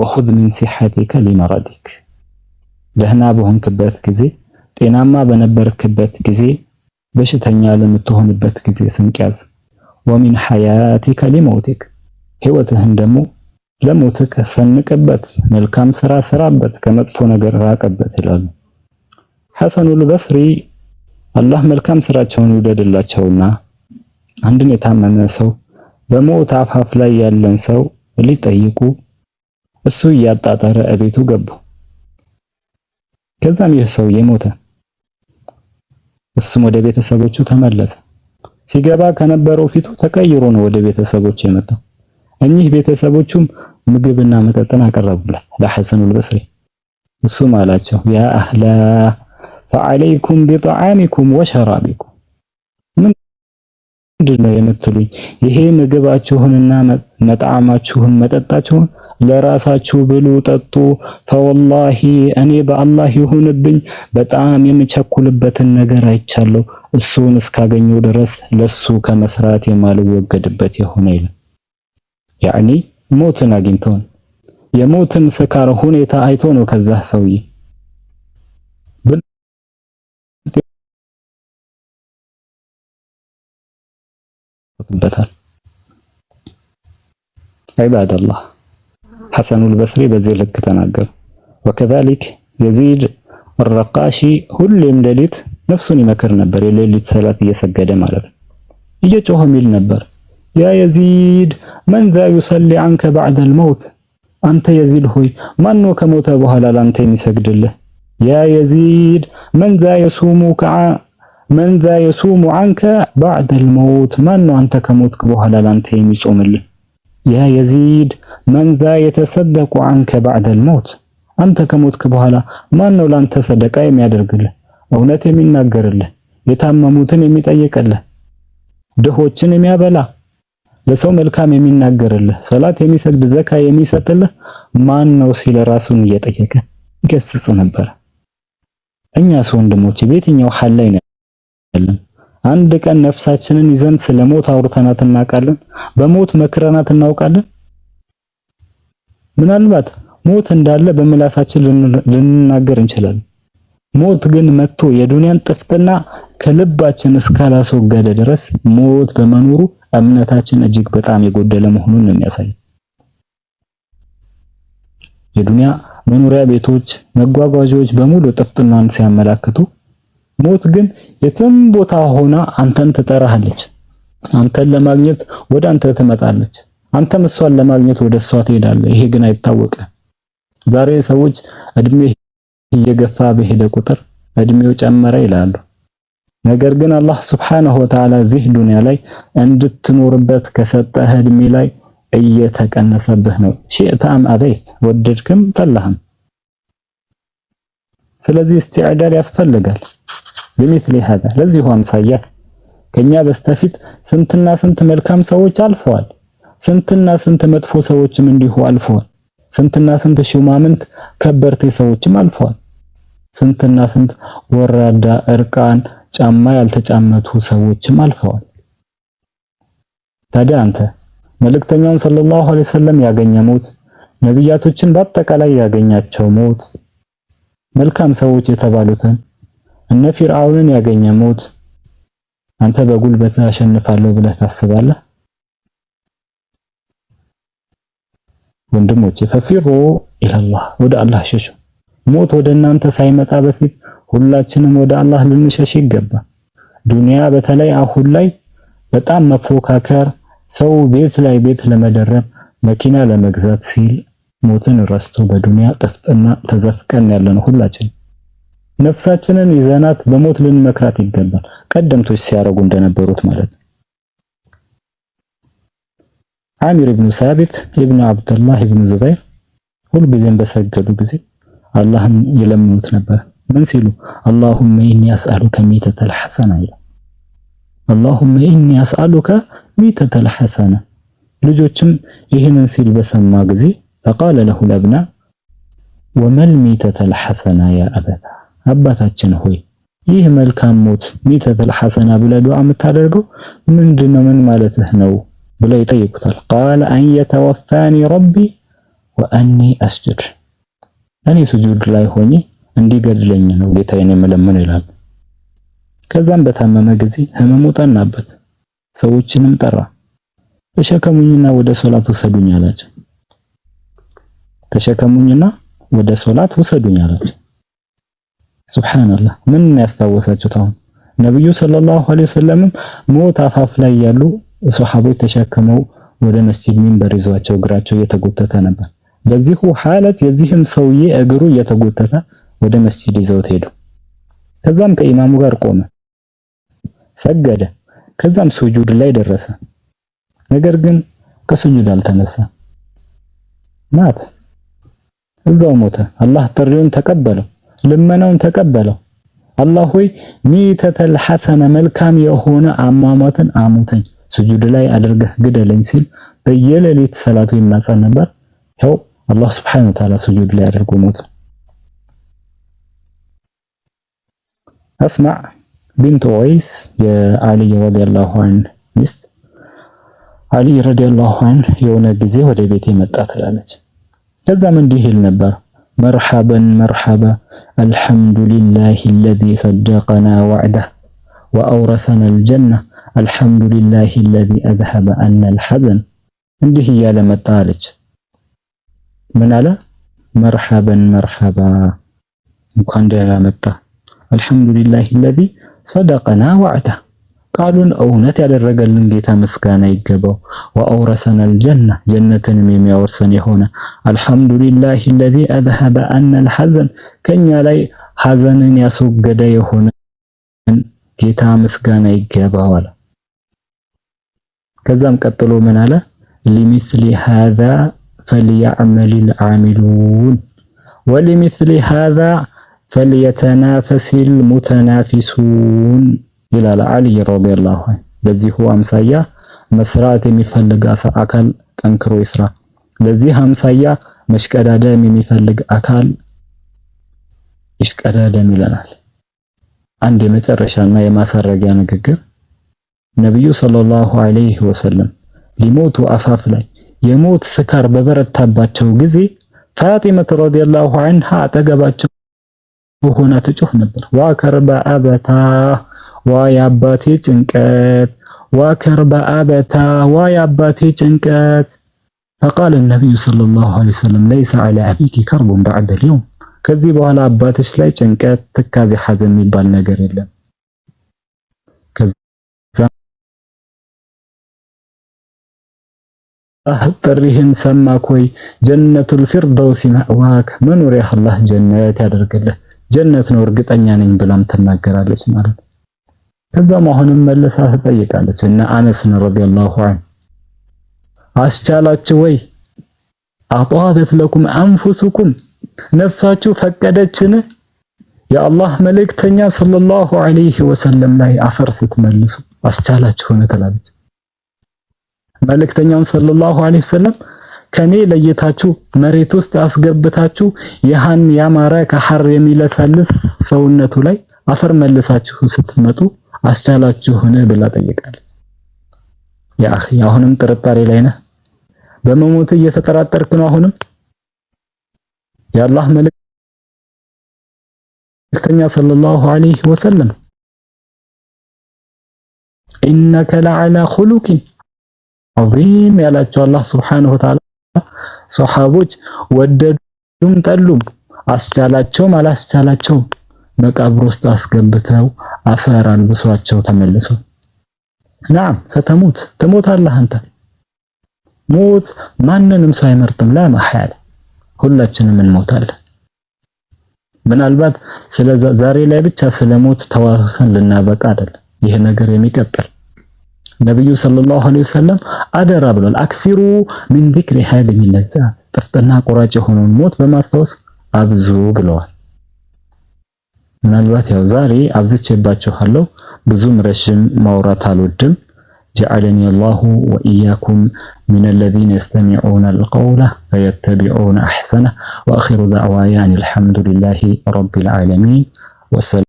ወሁድ ሚን ሲሐቲከ ሊመረዲክ ደህና በሆንክበት ጊዜ ጤናማ በነበርክበት ጊዜ በሽተኛ ለምትሆንበት ጊዜ ስንቅ ያዝ። ወሚን ሐያቲከ ሊመውቲክ ህይወትህን ደግሞ ለሞትህ ሰንቅበት፣ መልካም ስራ ስራበት፣ ከመጥፎ ነገር ራቀበት ይላሉ። ሐሰኑል በስሪ አላህ መልካም ስራቸውን ይውደድላቸውና አንድን የታመመ ሰው በሞት አፋፍ ላይ ያለን ሰው ሊጠይቁ እሱ እያጣጣረ እቤቱ ገቡ ከዛም ይህ ሰውዬ ሞተ። እሱም ወደ ቤተሰቦቹ ተመለሰ። ሲገባ ከነበረው ፊቱ ተቀይሮ ነው ወደ ቤተሰቦቹ የመጣው። እኚህ ቤተሰቦቹም ምግብና መጠጥን አቀረቡለት ለሐሰኑል በስሪ። እሱም አላቸው ያ አህላ ፈዐለይኩም ቢጠዓሚኩም ወሸራቢኩም፣ ምንድን ነው የምትሉኝ? ይሄ ምግባችሁንና መጣዕማችሁን መጠጣችሁን ለራሳችሁ ብሉ፣ ጠጡ። ፈወላሂ እኔ በአላህ ይሁንብኝ በጣም የምቸኩልበትን ነገር አይቻለሁ። እሱን እስካገኘው ድረስ ለሱ ከመስራት የማልወገድበት የሆነ ይላል። ያኒ ሞትን አግኝተውን የሞትን ስካር ሁኔታ አይቶ ነው ከዛ ሰውዬ በታል ዒባደላህ ሐሰኑል በስሪ በዚህ ልክ ተናገሩ። ወከዛሊክ የዚድ ወረቃሺ ሁሌም ሌሊት ነፍሱን ይመክር ነበር። የሌሊት ሰላት እየሰገደ ማለት ነው። እየጮኸ ሚል ነበር ያ የዚድ መን ዛ ዩሰሊ አንከ ባዕደል መውት፣ አንተ የዚድ ሆይ ማን ከሞተ በኋላ ላንተ የሚሰግድልህ? ያ የዚድ መን ዛ የሱሙ አንከ ባዕደል መውት፣ ማን አንተ ከሞትክ በኋላ ላንተ የሚጾምልህ? ያ የዚድ መንዛ የተሰደቁ አንከ ባዕደል ሞት አንተ ከሞትክ በኋላ ማን ነው ላንተ ሰደቃ የሚያደርግልህ እውነት የሚናገርልህ የታመሙትን የሚጠይቅልህ ድሆችን የሚያበላ ለሰው መልካም የሚናገርልህ ሰላት የሚሰግድ ዘካ የሚሰጥልህ ማን ነው ሲል ራሱን እየጠየቀ ይገስጽ ነበር እኛስ ወንድሞች ቤትኛው ሐል ላይ ነን አንድ ቀን ነፍሳችንን ይዘን ስለ ሞት አውርተናት እናውቃለን? በሞት መክረናት እናውቃለን? ምናልባት ሞት እንዳለ በምላሳችን ልንናገር እንችላለን። ሞት ግን መጥቶ የዱንያን ጥፍጥና ከልባችን እስካላስወገደ ድረስ ሞት በመኖሩ እምነታችን እጅግ በጣም የጎደለ መሆኑን ነው የሚያሳየው። የዱንያ መኖሪያ ቤቶች፣ መጓጓዣዎች በሙሉ ጥፍጥናን ሲያመላክቱ ሞት ግን የትም ቦታ ሆና አንተን ትጠራሃለች። አንተን ለማግኘት ወደ አንተ ትመጣለች። አንተም እሷን ለማግኘት ወደ እሷ ትሄዳለህ። ይሄ ግን አይታወቀ። ዛሬ ሰዎች እድሜ እየገፋ በሄደ ቁጥር እድሜው ጨመረ ይላሉ። ነገር ግን አላህ ስብሓነሁ ወተዓላ እዚህ ዱንያ ላይ እንድትኖርበት ከሰጠህ እድሜ ላይ እየተቀነሰብህ ነው። ሺእታም አበይት ወደድክም ጠላህም። ስለዚህ እስቲዕዳል ያስፈልጋል። ቢሚስሊ ሀዛ ለዚሁ አምሳያ ከኛ በስተፊት ስንትና ስንት መልካም ሰዎች አልፈዋል። ስንትና ስንት መጥፎ ሰዎችም እንዲሁ አልፈዋል። ስንትና ስንት ሹማምንት ከበርቴ ሰዎችም አልፈዋል። ስንትና ስንት ወራዳ እርቃን ጫማ ያልተጫመቱ ሰዎችም አልፈዋል። ታዲያ አንተ መልእክተኛውን ሰለላሁ ዐለይሂ ወሰለም ያገኘ ሞት፣ ነቢያቶችን በአጠቃላይ ያገኛቸው ሞት፣ መልካም ሰዎች የተባሉትን እነ ፊርዓውንን ያገኘ ሞት አንተ በጉልበት አሸንፋለሁ ብለህ ታስባለህ? ወንድሞች ፈፊሩ ኢላላህ ወደ አላህ ሸሹ። ሞት ወደ እናንተ ሳይመጣ በፊት ሁላችንም ወደ አላህ ልንሸሽ ይገባ። ዱንያ በተለይ አሁን ላይ በጣም መፎካከር፣ ሰው ቤት ላይ ቤት ለመደረብ መኪና ለመግዛት ሲል ሞትን ረስቶ በዱንያ ጥፍጥና ተዘፍቀን ያለነው ሁላችን ነፍሳችንን ይዘናት በሞት ልንመክራት ይገባል። ቀደምቶች ሲያደርጉ እንደነበሩት ማለት ነው። አሚር ኢብኑ ሳቢት ኢብኑ አብዱላህ ኢብኑ ዙበይር ሁልጊዜም በሰገዱ ጊዜ አላህን ይለምኑት ነበር። ምን ሲሉ አላሁመ ኢኒ አስአሉከ ሚተተል ሐሰና ይላል። አላሁመ ኢኒ አስአሉከ ሚተተል ሐሰና። ልጆችም ይህንን ሲል በሰማ ጊዜ ፈቃለ ለሁ ለብና ወመል ሚተተል ሐሰና ያ አበታ አባታችን ሆይ ይህ መልካም ሞት ሚተተል ሐሰና ብለህ ዱዓ የምታደርገው ምንድነው? ምን ማለትህ ነው ብለው ይጠይቁታል። ቃለ አን የተወፋኒ ረቢ ወአኒ አስጅድ፣ እኔ ስጁድ ላይ ሆኜ እንዲገድለኝ ነው ጌታዬን የምለምን ይላል። ከዛም በታመመ ጊዜ ህመሙ ጠናበት። ሰዎችንም ጠራ። ተሸከሙኝና ወደ ሶላት ውሰዱኝ አላቸው። ተሸከሙኝና ወደ ሶላት ውሰዱኝ አላቸው። ሱብሓነላህ ምን ያስታወሳችሁት? አሁን ነብዩ ሰለላሁ ዐለይሂ ወሰለምም ሞት አፋፍ ላይ ያሉ ሱሐቦች ተሸክመው ወደ መስጂድ ሚንበር ይዟቸው እግራቸው እየተጎተተ ነበር። በዚሁ ሐለት የዚህም ሰውዬ እግሩ እየተጎተተ ወደ መስጂድ ይዘውት ሄዱ። ከዛም ከኢማሙ ጋር ቆመ፣ ሰገደ። ከዛም ስጁድ ላይ ደረሰ። ነገር ግን ከስጁድ አልተነሳ፣ ማት እዛው ሞተ። አላህ ጥሪውን ተቀበለው። ልመናውን ተቀበለው። አላህ ሆይ ሚተተል ሐሰነ መልካም የሆነ አሟሟትን አሙተኝ፣ ስጁድ ላይ አድርገህ ግደለኝ ሲል በየሌሊት ሰላቱ ይማጸን ነበር። ያው አላህ ሱብሓነሁ ወተዓላ ስጁድ ላይ አድርጎ ሞተ። አስማዕ ቢንት ኡወይስ የአልይ ረዲየላሁ ዐንሁ ሚስት፣ አልይ ረዲየላሁ ዐንሁ የሆነ ጊዜ ወደ ቤቴ መጣ ትላለች። ከዛም እንዲህ ይል ነበር መርሐበን መርሐባ الحمد لله الذي صدقنا وعده ወአውረሰን አልጀና አልሐምዱሊላሂ አለዚ አዝሀበ አነል ሐዘን እንዲህ እያለ መጣ አለች። ምን አለ? መርሐበን መርሐባ እንኳን ደህና መጣ። አልሐምዱሊላሂ አለዚ ሰደቀና ወዐደ ቃሉን እውነት ያደረገልን ጌታ ምስጋና ይገባው። ወአውረሰና አልጀና ጀነትንም የሚያወርሰን የሆነ አልሐምዱሊላሂ አለዚ አዝሀበ አና አልሐዘን ከኛ ላይ ሐዘንን ያስወገደ የሆነ ጌታ ምስጋና ይገባው አለ። ከዛም ቀጥሎ ምን አለ? ሊሚስሊ ሃዛ ፈልያዕመሊል ዓሚሉን ወሊሚስሊ ሃዛ ፈልየተናፈሲል ሙተናፊሱን ይላል አሊይ ረዲየላሁ ዐንሁ። በዚሁ አምሳያ መስራት የሚፈልግ አካል ጠንክሮ ይስራ። ለዚህ አምሳያ መሽቀዳደም የሚፈልግ አካል ይሽቀዳደም ይለናል። አንድ የመጨረሻና የማሳረጊያ ንግግር ነብዩ ሰለላሁ ዐለይሂ ወሰለም ሊሞቱ አፋፍ ላይ የሞት ስካር በበረታባቸው ጊዜ ፋጢመት ረዲየላሁ አንሃ አጠገባቸው ሆና ትጮህ ነበር። ዋከርባ አበታ ዋ የአባቴ ጭንቀት ዋ ከርበ አበታ ዋ የአባቴ ጭንቀት ፈቃለ ነቢዩ ሰለላሁ ዐለይሂ ወሰለም ለይሰ ዐላ አቢኪ ከርቡን በዐደል የውም ከዚህ በኋላ አባትሽ ላይ ጭንቀት፣ ትካዜ፣ ሐዘን የሚባል ነገር የለም። ጥሪህን ሰማ ኮይ ጀነቱል ፊርደውሲ መዕዋክ መኖሪያ አላህ ጀነት ያደርግልህ ጀነት ነው እርግጠኛ ነኝ ብላም ትናገራለች ማለት ነው። ከዛም አሁንም መለሳ ትጠይቃለች እነ አነስን ረዲየላሁ ዐንሁ አስቻላችሁ ወይ አጧበት ለኩም አንፉስኩም ነፍሳችሁ ፈቀደችን? የአላህ መልእክተኛ ሰለላሁ ዐለይሂ ወሰለም ላይ አፈር ስትመልሱ አስቻላችሁ ሆነ ትላለች። መልእክተኛውን ሰለላሁ ዐለይሂ ወሰለም ከኔ ለየታችሁ መሬት ውስጥ አስገብታችሁ ይህን ያማረ ከሐር የሚለሳልስ ሰውነቱ ላይ አፈር መልሳችሁ ስትመጡ አስቻላችሁን ብላ ጠይቃለች። ያ አኺ አሁንም ጥርጣሬ ላይ ነህ? በመሞት እየተጠራጠርክ ነው። አሁንም የአላህ መልእክተኛ ሰለላሁ ዐለይሂ ወሰለም ኢነከ ለዐላ ኹሉቂን ዐዚም ያላቸው አላህ ሱብሓነሁ ወተዓላ ሰሐቦች ወደዱም ጠሉም አስቻላቸውም አላስቻላቸውም መቃብር ውስጥ አስገብተው አፈር አልብሷቸው ተመልሰው ናም ሰተሙት ትሞታለህ አንተ። ሞት ማንንም ሰው አይመርጥም። ላ መሐል ሁላችንም እንሞታለን። ምናልባት ስለ ዛሬ ላይ ብቻ ስለ ሞት ተዋሰን ልናበቃ አይደለም። ይሄ ነገር የሚቀጥል ነብዩ ሰለላሁ ዐለይሂ ወሰለም አደራ ብሏል። አክሲሩ ሚን ዚክሪ ሀዲሂ ለዛ ጥፍጥና ቆራጭ የሆነውን ሞት በማስታወስ አብዙ ብለዋል። ምናልባት ያው ዛሬ አብዝቼባችኋለሁ። ብዙም ረዥም ማውራት አልወድም። ጀዐለኒ አላሁ ወኢያኩም ሚነ ለዚነ የስተሚዑነ አልቀውለ ፈየተቢዑነ አሕሰነ። ወአኺሩ ዳዕዋያ አን አልሐምዱሊላሂ ረቢል ዓለሚን ወሰላም